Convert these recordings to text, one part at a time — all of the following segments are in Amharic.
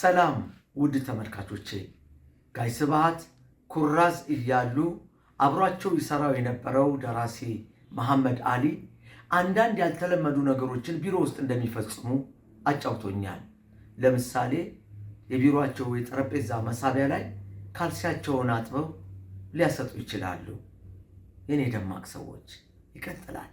ሰላም ውድ ተመልካቾቼ፣ ጋይ ስብሐት ኩራዝ እያሉ አብሯቸው ይሰራው የነበረው ደራሲ መሐመድ አሊ አንዳንድ ያልተለመዱ ነገሮችን ቢሮ ውስጥ እንደሚፈጽሙ አጫውቶኛል። ለምሳሌ የቢሮቸው የጠረጴዛ መሳቢያ ላይ ካልሲያቸውን አጥበው ሊያሰጡ ይችላሉ። የኔ ደማቅ ሰዎች ይቀጥላል።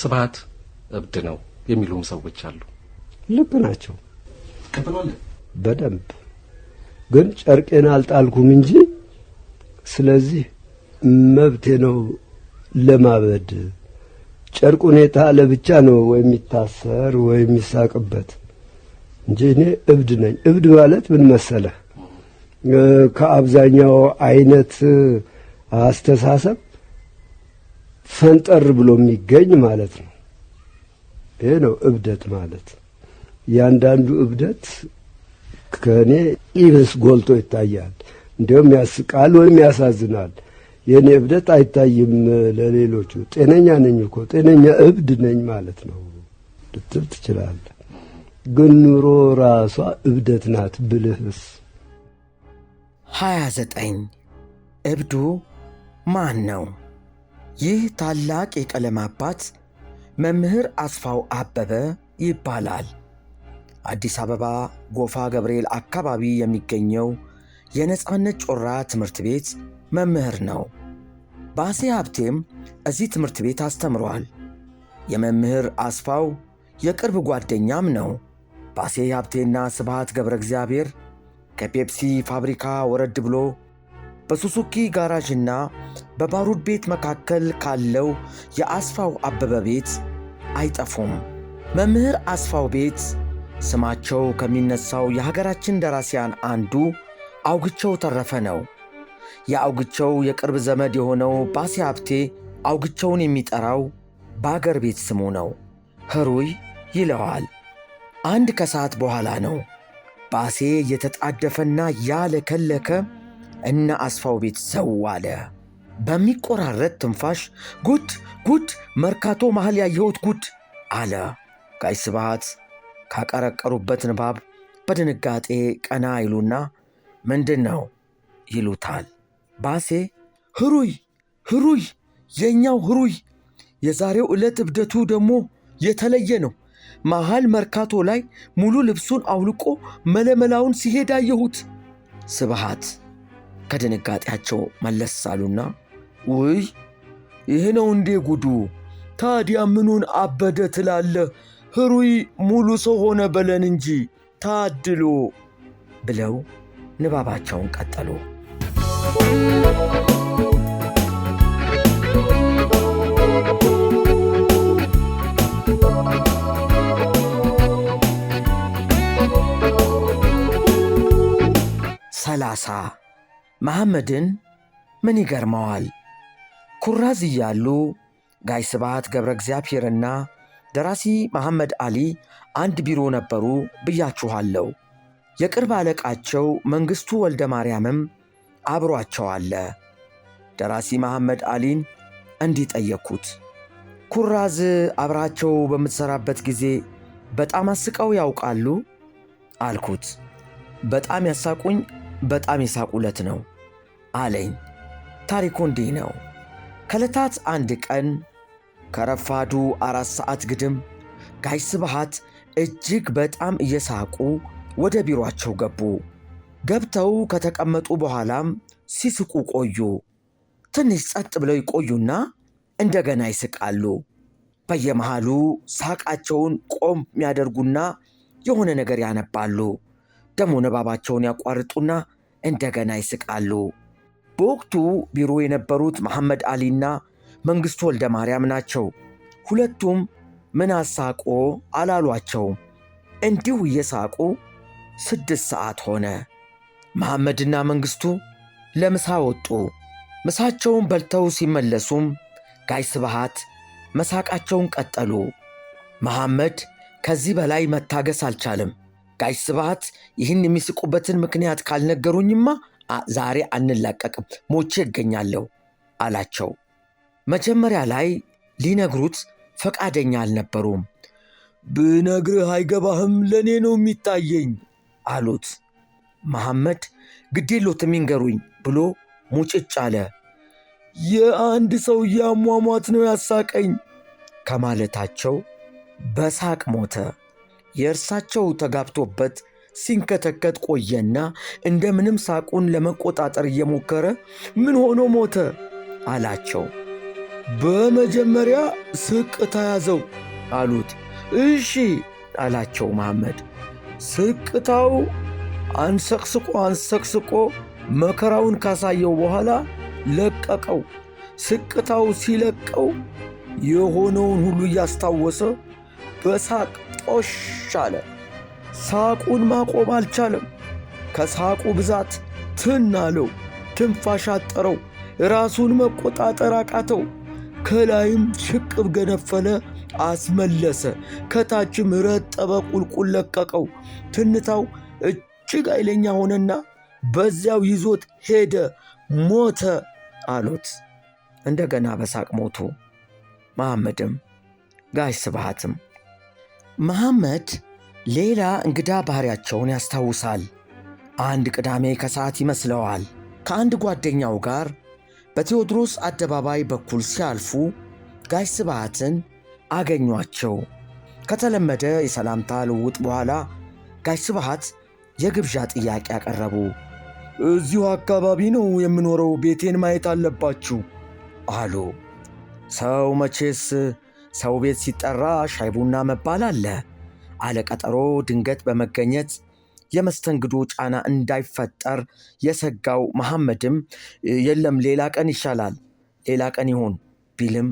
ስብሀት እብድ ነው የሚሉም ሰዎች አሉ። ልብ ናቸው ቀጥሏል። በደንብ ግን ጨርቄን አልጣልኩም እንጂ ስለዚህ መብቴ ነው ለማበድ። ጨርቅ ሁኔታ ለብቻ ነው ወይ የሚታሰር ወይ የሚሳቅበት እንጂ እኔ እብድ ነኝ። እብድ ማለት ምን መሰለህ ከአብዛኛው አይነት አስተሳሰብ ፈንጠር ብሎ የሚገኝ ማለት ነው። ይሄ ነው እብደት ማለት። እያንዳንዱ እብደት ከእኔ ይብስ ጎልቶ ይታያል። እንዲሁም ያስቃል ወይም ያሳዝናል። የእኔ እብደት አይታይም ለሌሎቹ። ጤነኛ ነኝ እኮ ጤነኛ እብድ ነኝ ማለት ነው ልትል ትችላለህ። ግን ኑሮ ራሷ እብደት ናት ብልህስ። ሀያ ዘጠኝ እብዱ ማን ነው? ይህ ታላቅ የቀለም አባት መምህር አስፋው አበበ ይባላል። አዲስ አበባ ጎፋ ገብርኤል አካባቢ የሚገኘው የነፃነት ጮራ ትምህርት ቤት መምህር ነው። ባሴ ሀብቴም እዚህ ትምህርት ቤት አስተምሯል። የመምህር አስፋው የቅርብ ጓደኛም ነው። ባሴ ሀብቴና ስብሃት ገብረ እግዚአብሔር ከፔፕሲ ፋብሪካ ወረድ ብሎ በሱሱኪ ጋራዥና በባሩድ ቤት መካከል ካለው የአስፋው አበበ ቤት አይጠፉም። መምህር አስፋው ቤት ስማቸው ከሚነሳው የሀገራችን ደራሲያን አንዱ አውግቸው ተረፈ ነው። የአውግቸው የቅርብ ዘመድ የሆነው ባሴ ሀብቴ አውግቸውን የሚጠራው በአገር ቤት ስሙ ነው። ህሩይ ይለዋል። አንድ ከሰዓት በኋላ ነው ባሴ እየተጣደፈና ያለከለከ እነ አስፋው ቤት ሰው አለ። በሚቆራረጥ ትንፋሽ ጉድ ጉድ፣ መርካቶ መሃል ያየሁት ጉድ አለ። ጋይ ስብሐት ካቀረቀሩበት ንባብ በድንጋጤ ቀና ይሉና ምንድን ነው ይሉታል። ባሴ ህሩይ ህሩይ፣ የእኛው ህሩይ። የዛሬው ዕለት እብደቱ ደግሞ የተለየ ነው። መሃል መርካቶ ላይ ሙሉ ልብሱን አውልቆ መለመላውን ሲሄድ አየሁት። ስብሃት ከድንጋጤያቸው መለስ አሉና ውይ ይህ ነው እንዴ ጉዱ? ታዲያ ምኑን አበደ ትላለህ? ህሩይ ሙሉ ሰው ሆነ በለን እንጂ ታድሎ ብለው ንባባቸውን ቀጠሉ። ሰላሳ መሐመድን ምን ይገርመዋል? ኩራዝ እያሉ ጋይ ስብሐት ገብረ እግዚአብሔርና ደራሲ መሐመድ አሊ አንድ ቢሮ ነበሩ ብያችኋለሁ። የቅርብ አለቃቸው መንግሥቱ ወልደ ማርያምም አብሯቸው አለ። ደራሲ መሐመድ አሊን እንዲህ ጠየቅኩት። ኩራዝ አብራቸው በምትሠራበት ጊዜ በጣም አስቀው ያውቃሉ? አልኩት። በጣም ያሳቁኝ በጣም የሳቁለት ነው አለኝ። ታሪኩ እንዲህ ነው። ከዕለታት አንድ ቀን ከረፋዱ አራት ሰዓት ግድም ጋሽ ስብሃት እጅግ በጣም እየሳቁ ወደ ቢሮአቸው ገቡ። ገብተው ከተቀመጡ በኋላም ሲስቁ ቆዩ። ትንሽ ጸጥ ብለው ይቆዩና እንደገና ይስቃሉ። በየመሃሉ ሳቃቸውን ቆም የሚያደርጉና የሆነ ነገር ያነባሉ። ደግሞ ነባባቸውን ያቋርጡና እንደገና ይስቃሉ። በወቅቱ ቢሮ የነበሩት መሐመድ አሊና መንግሥቱ ወልደ ማርያም ናቸው። ሁለቱም ምን አሳቆ አላሏቸውም። እንዲሁ እየሳቁ ስድስት ሰዓት ሆነ። መሐመድና መንግሥቱ ለምሳ ወጡ። ምሳቸውን በልተው ሲመለሱም ጋይ ስብሃት መሳቃቸውን ቀጠሉ። መሐመድ ከዚህ በላይ መታገስ አልቻለም። ጋሽ ስብሐት ይህን የሚስቁበትን ምክንያት ካልነገሩኝማ ዛሬ አንላቀቅም፣ ሞቼ እገኛለሁ አላቸው። መጀመሪያ ላይ ሊነግሩት ፈቃደኛ አልነበሩም። ብነግርህ አይገባህም፣ ለእኔ ነው የሚታየኝ አሉት። መሐመድ ግዴሎትም ይንገሩኝ ብሎ ሙጭጭ አለ። የአንድ ሰው አሟሟት ነው ያሳቀኝ ከማለታቸው በሳቅ ሞተ። የእርሳቸው ተጋብቶበት ሲንከተከት ቆየና እንደምንም ሳቁን ለመቆጣጠር እየሞከረ ምን ሆኖ ሞተ አላቸው። በመጀመሪያ ስቅ ተያዘው አሉት። እሺ አላቸው መሐመድ። ስቅታው አንሰቅስቆ አንሰቅስቆ መከራውን ካሳየው በኋላ ለቀቀው። ስቅታው ሲለቀው የሆነውን ሁሉ እያስታወሰ በሳቅ ጦሽ አለ። ሳቁን ማቆም አልቻለም። ከሳቁ ብዛት ትን አለው፣ ትንፋሽ አጠረው፣ ራሱን መቆጣጠር አቃተው። ከላይም ሽቅብ ገነፈለ፣ አስመለሰ። ከታችም ረጠበ፣ ቁልቁል ለቀቀው። ትንታው እጅግ ኃይለኛ ሆነና በዚያው ይዞት ሄደ። ሞተ አሉት። እንደገና በሳቅ ሞቱ። መሐመድም ጋሽ ስብሃትም መሐመድ ሌላ እንግዳ ባህሪያቸውን ያስታውሳል። አንድ ቅዳሜ ከሰዓት ይመስለዋል ከአንድ ጓደኛው ጋር በቴዎድሮስ አደባባይ በኩል ሲያልፉ ጋሽ ስብሃትን አገኟቸው። ከተለመደ የሰላምታ ልውውጥ በኋላ ጋሽ ስብሃት የግብዣ ጥያቄ አቀረቡ። እዚሁ አካባቢ ነው የምኖረው፣ ቤቴን ማየት አለባችሁ አሉ። ሰው መቼስ ሰው ቤት ሲጠራ ሻይ ቡና መባል አለ። አለቀጠሮ ድንገት በመገኘት የመስተንግዶ ጫና እንዳይፈጠር የሰጋው መሐመድም የለም ሌላ ቀን ይሻላል፣ ሌላ ቀን ይሁን ቢልም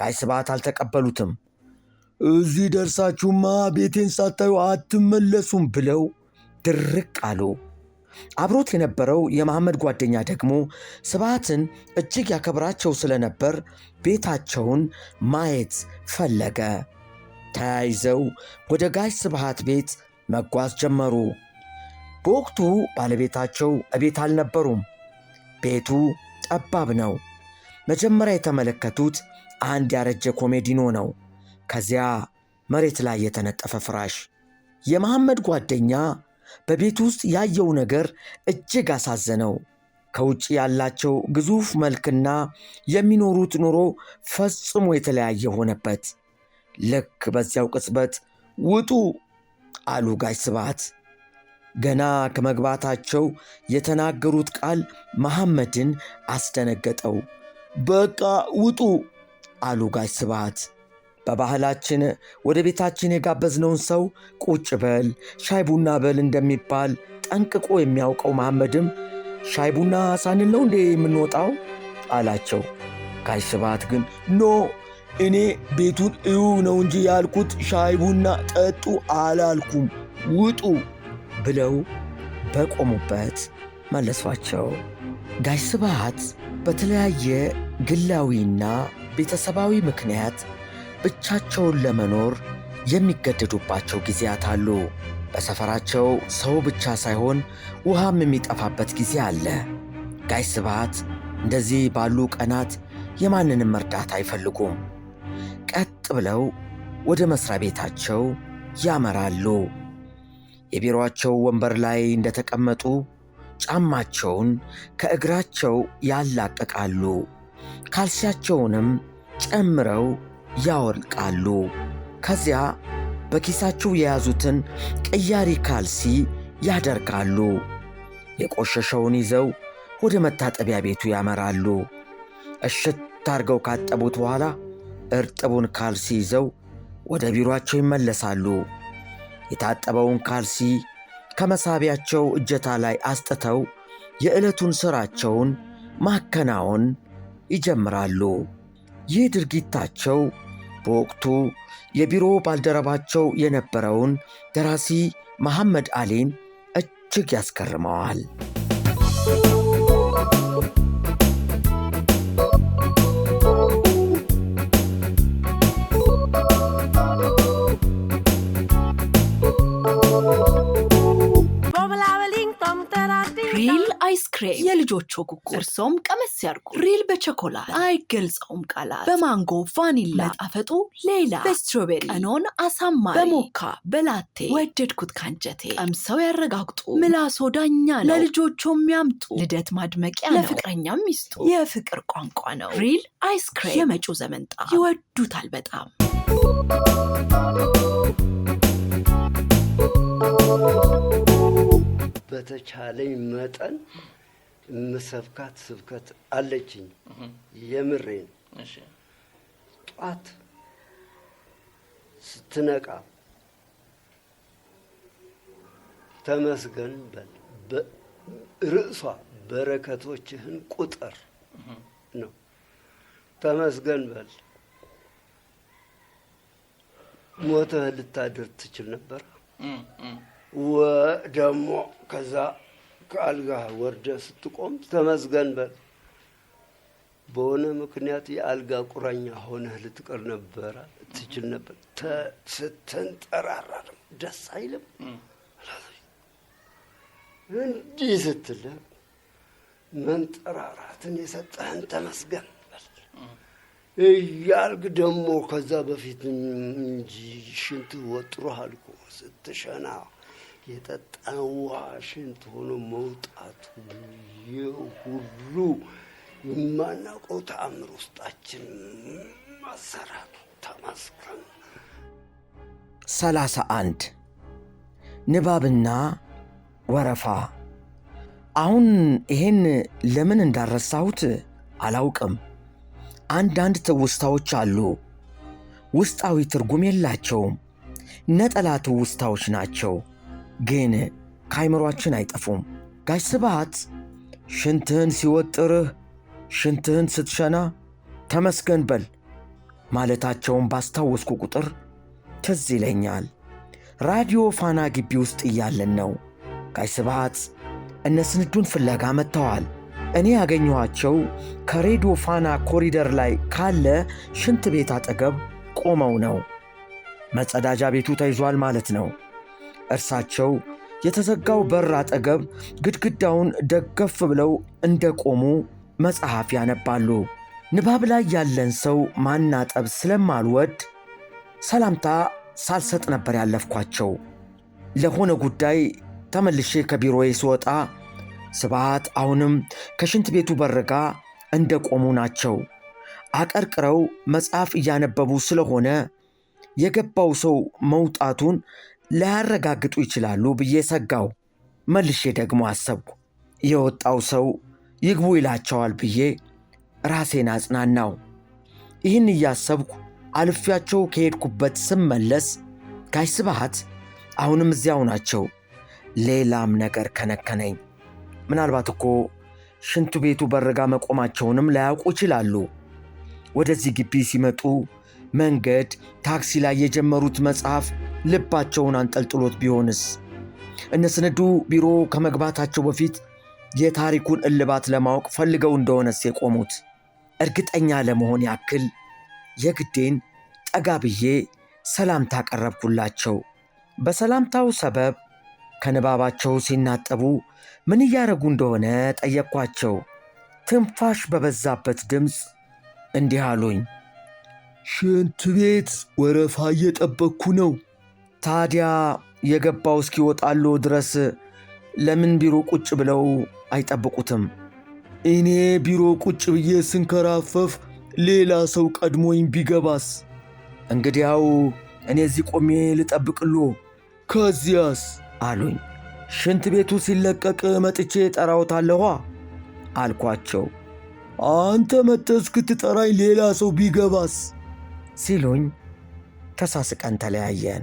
ጋይ ስብዓት አልተቀበሉትም። እዚህ ደርሳችሁማ ቤቴን ሳታዩ አትመለሱም ብለው ድርቅ አሉ። አብሮት የነበረው የመሐመድ ጓደኛ ደግሞ ስብሃትን እጅግ ያከብራቸው ስለነበር ቤታቸውን ማየት ፈለገ። ተያይዘው ወደ ጋሽ ስብሃት ቤት መጓዝ ጀመሩ። በወቅቱ ባለቤታቸው እቤት አልነበሩም። ቤቱ ጠባብ ነው። መጀመሪያ የተመለከቱት አንድ ያረጀ ኮሜዲኖ ነው። ከዚያ መሬት ላይ የተነጠፈ ፍራሽ። የመሐመድ ጓደኛ በቤት ውስጥ ያየው ነገር እጅግ አሳዘነው። ከውጭ ያላቸው ግዙፍ መልክና የሚኖሩት ኑሮ ፈጽሞ የተለያየ ሆነበት። ልክ በዚያው ቅጽበት ውጡ አሉ ጋሽ ስባት! ገና ከመግባታቸው የተናገሩት ቃል መሐመድን አስደነገጠው። በቃ ውጡ አሉ ጋሽ ስብዓት። በባህላችን ወደ ቤታችን የጋበዝነውን ሰው ቁጭ በል ሻይ ቡና በል እንደሚባል ጠንቅቆ የሚያውቀው መሐመድም ሻይ ቡና ሳንለው እንዴ የምንወጣው አላቸው። ጋሽ ስብሐት ግን ኖ እኔ ቤቱን እዩ ነው እንጂ ያልኩት ሻይ ቡና ጠጡ አላልኩም፣ ውጡ ብለው በቆሙበት መለሷቸው። ጋሽ ስብሐት በተለያየ ግላዊና ቤተሰባዊ ምክንያት ብቻቸውን ለመኖር የሚገደዱባቸው ጊዜያት አሉ። በሰፈራቸው ሰው ብቻ ሳይሆን ውሃም የሚጠፋበት ጊዜ አለ። ጋይ ስብሐት እንደዚህ ባሉ ቀናት የማንንም እርዳታ አይፈልጉም። ቀጥ ብለው ወደ መሥሪያ ቤታቸው ያመራሉ። የቢሮአቸው ወንበር ላይ እንደተቀመጡ ጫማቸውን ከእግራቸው ያላቅቃሉ። ካልሲያቸውንም ጨምረው ያወልቃሉ። ከዚያ በኪሳቸው የያዙትን ቀያሪ ካልሲ ያደርጋሉ። የቆሸሸውን ይዘው ወደ መታጠቢያ ቤቱ ያመራሉ። እሽት አርገው ካጠቡት በኋላ እርጥቡን ካልሲ ይዘው ወደ ቢሮአቸው ይመለሳሉ። የታጠበውን ካልሲ ከመሳቢያቸው እጀታ ላይ አስጥተው የዕለቱን ሥራቸውን ማከናወን ይጀምራሉ። ይህ ድርጊታቸው በወቅቱ የቢሮ ባልደረባቸው የነበረውን ደራሲ መሐመድ አሊን እጅግ ያስገርመዋል። ክሬም፣ የልጆቹ ጉጉ፣ እርሶም ቀመስ ያድርጉ ሪል በቸኮላት አይገልጸውም ቃላት፣ በማንጎ ቫኒላ ጣፈጡ ሌላ፣ በስትሮቤሪ ቀኖን አሳማሪ፣ በሞካ በላቴ ወደድኩት ካንጀቴ። ቀምሰው ያረጋግጡ፣ ምላሶ ዳኛ ነው። ለልጆቹ የሚያምጡ ልደት ማድመቂያ ነው፣ ለፍቅረኛም ሚስጡ የፍቅር ቋንቋ ነው። ሪል አይስክሬም የመጪው ዘመንጣ ይወዱታል በጣም። በተቻለኝ መጠን የምሰብካት ስብከት አለችኝ። የምሬን ጧት ስትነቃ ተመስገን በል ርዕሷ በረከቶችህን ቁጥር ነው። ተመስገን በል ሞተህ ልታድር ትችል ነበር። ደግሞ ከዛ ከአልጋ ወርደ ስትቆም ተመስገን በል። በሆነ ምክንያት የአልጋ ቁራኛ ሆነህ ልትቀር ነበረ ትችል ነበር። ስትንጠራራ ደስ አይልም እንዲህ ስትል መንጠራራትን የሰጠህን ተመስገን እያልግ ደግሞ ከዛ በፊት እንጂ ሽንት ወጥሮሃል እኮ ስትሸና የጠጣዋ ሽንት ሆኖ መውጣቱ የሁሉ የማናውቀው ተአምር ውስጣችን ማሰራቱ ተመስገን። ሰላሳ አንድ ንባብና ወረፋ። አሁን ይሄን ለምን እንዳረሳሁት አላውቅም። አንዳንድ ትውስታዎች አሉ፣ ውስጣዊ ትርጉም የላቸውም፣ ነጠላ ትውስታዎች ናቸው። ግን ከአይምሯችን አይጠፉም። ጋሽ ስብሐት ሽንትህን ሲወጥርህ፣ ሽንትህን ስትሸና ተመስገን በል ማለታቸውን ባስታወስኩ ቁጥር ትዝ ይለኛል። ራዲዮ ፋና ግቢ ውስጥ እያለን ነው። ጋሽ ስብሐት እነ ስንዱን ፍለጋ መጥተዋል። እኔ ያገኘኋቸው ከሬዲዮ ፋና ኮሪደር ላይ ካለ ሽንት ቤት አጠገብ ቆመው ነው። መጸዳጃ ቤቱ ተይዟል ማለት ነው። እርሳቸው የተዘጋው በር አጠገብ ግድግዳውን ደገፍ ብለው እንደቆሙ መጽሐፍ ያነባሉ። ንባብ ላይ ያለን ሰው ማናጠብ ስለማልወድ ሰላምታ ሳልሰጥ ነበር ያለፍኳቸው። ለሆነ ጉዳይ ተመልሼ ከቢሮዬ ስወጣ ስባት አሁንም ከሽንት ቤቱ በር ጋር እንደቆሙ ናቸው። አቀርቅረው መጽሐፍ እያነበቡ ስለሆነ የገባው ሰው መውጣቱን ሊያረጋግጡ ይችላሉ ብዬ ሰጋው። መልሼ ደግሞ አሰብኩ። የወጣው ሰው ይግቡ ይላቸዋል ብዬ ራሴን አጽናናው። ይህን እያሰብኩ አልፊያቸው ከሄድኩበት ስመለስ ጋሽ ስብሐት አሁንም እዚያው ናቸው። ሌላም ነገር ከነከነኝ። ምናልባት እኮ ሽንቱ ቤቱ በርጋ መቆማቸውንም ላያውቁ ይችላሉ። ወደዚህ ግቢ ሲመጡ መንገድ ታክሲ ላይ የጀመሩት መጽሐፍ ልባቸውን አንጠልጥሎት ቢሆንስ? እነ ስንዱ ቢሮ ከመግባታቸው በፊት የታሪኩን እልባት ለማወቅ ፈልገው እንደሆነስ የቆሙት? እርግጠኛ ለመሆን ያክል የግዴን ጠጋ ብዬ ሰላምታ ቀረብኩላቸው። በሰላምታው ሰበብ ከንባባቸው ሲናጠቡ ምን እያደረጉ እንደሆነ ጠየቅኳቸው። ትንፋሽ በበዛበት ድምፅ እንዲህ አሉኝ። ሽንት ቤት ወረፋ እየጠበቅኩ ነው። ታዲያ የገባው እስኪወጣሉ ድረስ ለምን ቢሮ ቁጭ ብለው አይጠብቁትም? እኔ ቢሮ ቁጭ ብዬ ስንከራፈፍ ሌላ ሰው ቀድሞኝ ቢገባስ? እንግዲያው እኔ እዚህ ቆሜ ልጠብቅሎ። ከዚያስ አሉኝ። ሽንት ቤቱ ሲለቀቅ መጥቼ ጠራውታለኋ አልኳቸው። አንተ መጥተህ ክትጠራኝ ሌላ ሰው ቢገባስ ሲሉኝ ተሳስቀን ተለያየን።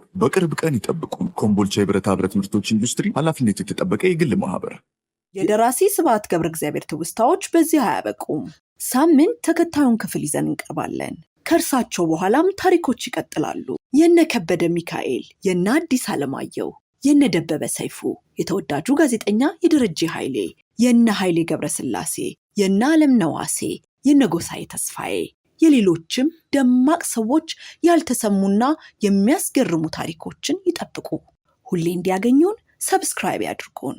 ቦርድ በቅርብ ቀን ይጠብቁ። ኮምቦልቻ የብረታ ብረት ምርቶች ኢንዱስትሪ ኃላፊነቱ የተጠበቀ የግል ማህበር። የደራሲ ስብሐት ገብረ እግዚአብሔር ትውስታዎች በዚህ አያበቁም። ሳምንት ተከታዩን ክፍል ይዘን እንቀርባለን። ከእርሳቸው በኋላም ታሪኮች ይቀጥላሉ። የነ ከበደ ሚካኤል፣ የነ አዲስ አለማየሁ፣ የነ ደበበ ሰይፉ፣ የተወዳጁ ጋዜጠኛ የደረጀ ኃይሌ፣ የነ ኃይሌ ገብረስላሴ፣ የነ አለም ነዋሴ፣ የነ ጎሳዬ ተስፋዬ የሌሎችም ደማቅ ሰዎች ያልተሰሙና የሚያስገርሙ ታሪኮችን ይጠብቁ። ሁሌ እንዲያገኙን ሰብስክራይብ ያድርጉን።